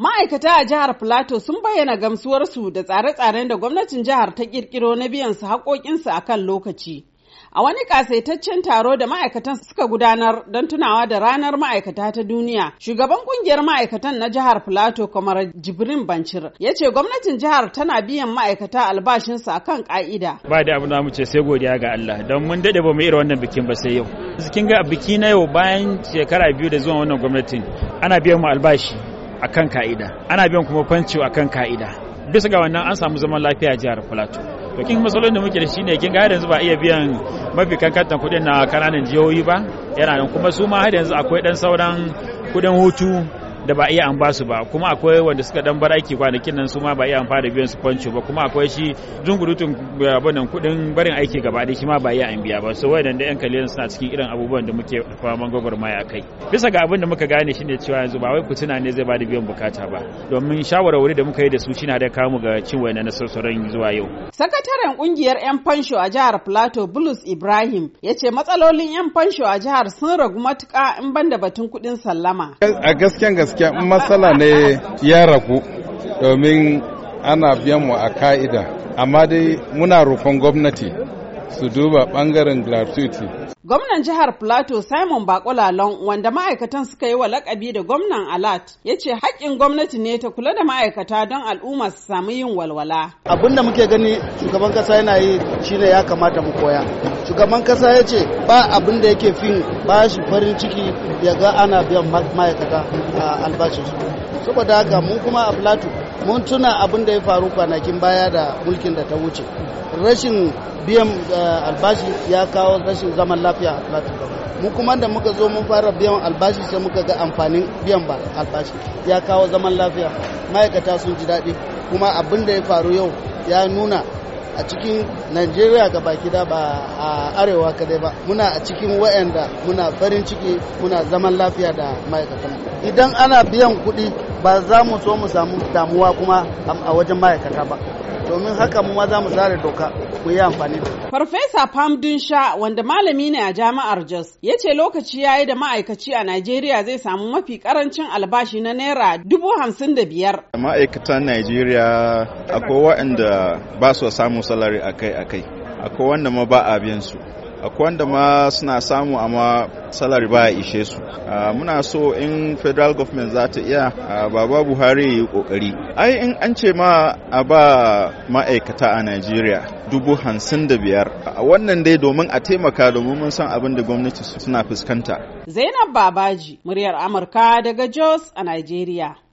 Ma'aikata a jihar plateau sun bayyana gamsuwarsu da tsare-tsaren da gwamnatin jihar ta kirkiro na biyan su haƙoƙinsu a kan lokaci. A wani ƙasaitaccen taro da ma'aikatan suka gudanar don tunawa da ranar ma'aikata ta duniya, shugaban ƙungiyar ma'aikatan na jihar plateau kamar Jibrin Bancir ya ce gwamnatin jihar tana biyan ma'aikata albashinsu a kan ƙa'ida. Ba da abu mu ce sai godiya ga Allah don mun daɗe ba mu irin wannan bikin ba sai yau. Kin ga biki na yau bayan shekara biyu da zuwa wannan gwamnatin ana biyan mu albashi akan ka'ida ana biyan kuma a akan ka'ida bisa ga wannan an samu zaman lafiya a jihar plateau to kin matsalolin da muke da shi ne kin ga yanzu ba iya biyan mafi kankantan kuɗin na kananan jihohi ba yana nan kuma su ma har yanzu akwai ɗan sauran kuɗin hutu da ba iya an ba su ba kuma akwai wanda suka dan bar aiki kwanakin nan su ma ba iya an fara biyan su kwanci ba kuma akwai shi zungurutun eh, abin kudin barin aiki gaba da shi ma ba iya an biya ba so wayannan da yan kalilan suna cikin irin abubuwan da muke gogor mai kai bisa ga abin da muka gane shine cewa yanzu ba wai kutuna ne zai ba da biyan bukata ba domin shawarwari da muka yi da su shine da kamu ga cin wayannan na sassoran zuwa yau sakataren kungiyar yan fansho a jihar Plateau Bulus Ibrahim ya ce matsalolin yan fansho a jihar sun ragu matuka in banda batun kudin sallama a gaskiyan gaskiya matsala ne ya ragu domin ana biyan mu a ka'ida amma dai muna roƙon gwamnati su duba bangaren gratuity. Gwamnan jihar Plateau Simon Bakolalon wanda ma'aikatan suka yi wa lakabi da gwamnan Alat ya ce haƙƙin gwamnati ne ta kula da ma'aikata don al'umma su samu yin walwala. Abin da muke gani shugaban kasa yana yi shine ya kamata mu koya. Shugaban kasa ya ce ba abin da yake fin ba shi farin ciki ya ga ana biyan ma'aikata a albashinsu. Saboda haka mun kuma a Plateau mun tuna abin da ya faru kwanakin baya da mulkin da ta wuce rashin biyan eh, albashi ya kawo rashin zaman lafiya a mu kuma da muka zo mun fara biyan albashi sai muka ga amfanin biyan ba albashi ya kawo zaman lafiya ma'aikata sun ji daɗi kuma abin da ya faru yau ya nuna a cikin najeriya ga baki da ba a arewa kadai ba muna a cikin wa'anda muna farin ciki muna zaman lafiya da ma'aikatan idan ana biyan kuɗi ba za mu so mu samu damuwa kuma a wajen ma'aikata ba domin haka mu za mu tsara doka mu yi amfani da ita. Farfesa Pam Dunsha wanda malami ne a jami'ar Jos ya ce lokaci ya yi da ma'aikaci a Najeriya zai samu mafi karancin albashi na naira dubu hamsin da biyar. Ma'aikatan Najeriya akwai waɗanda ba su samun salari akai-akai. Akwai wanda ma ba a biyan su. akwai wanda ma suna samu amma salari ba ya ishe su muna so in federal government za ta iya baba buhari ya yi kokari ai in an ce ma a ba ma'aikata a najeriya dubu hamsin da biyar wannan dai domin a taimaka domin mun san abin da gwamnati suna fuskanta zainab babaji muryar amurka daga jos a najeriya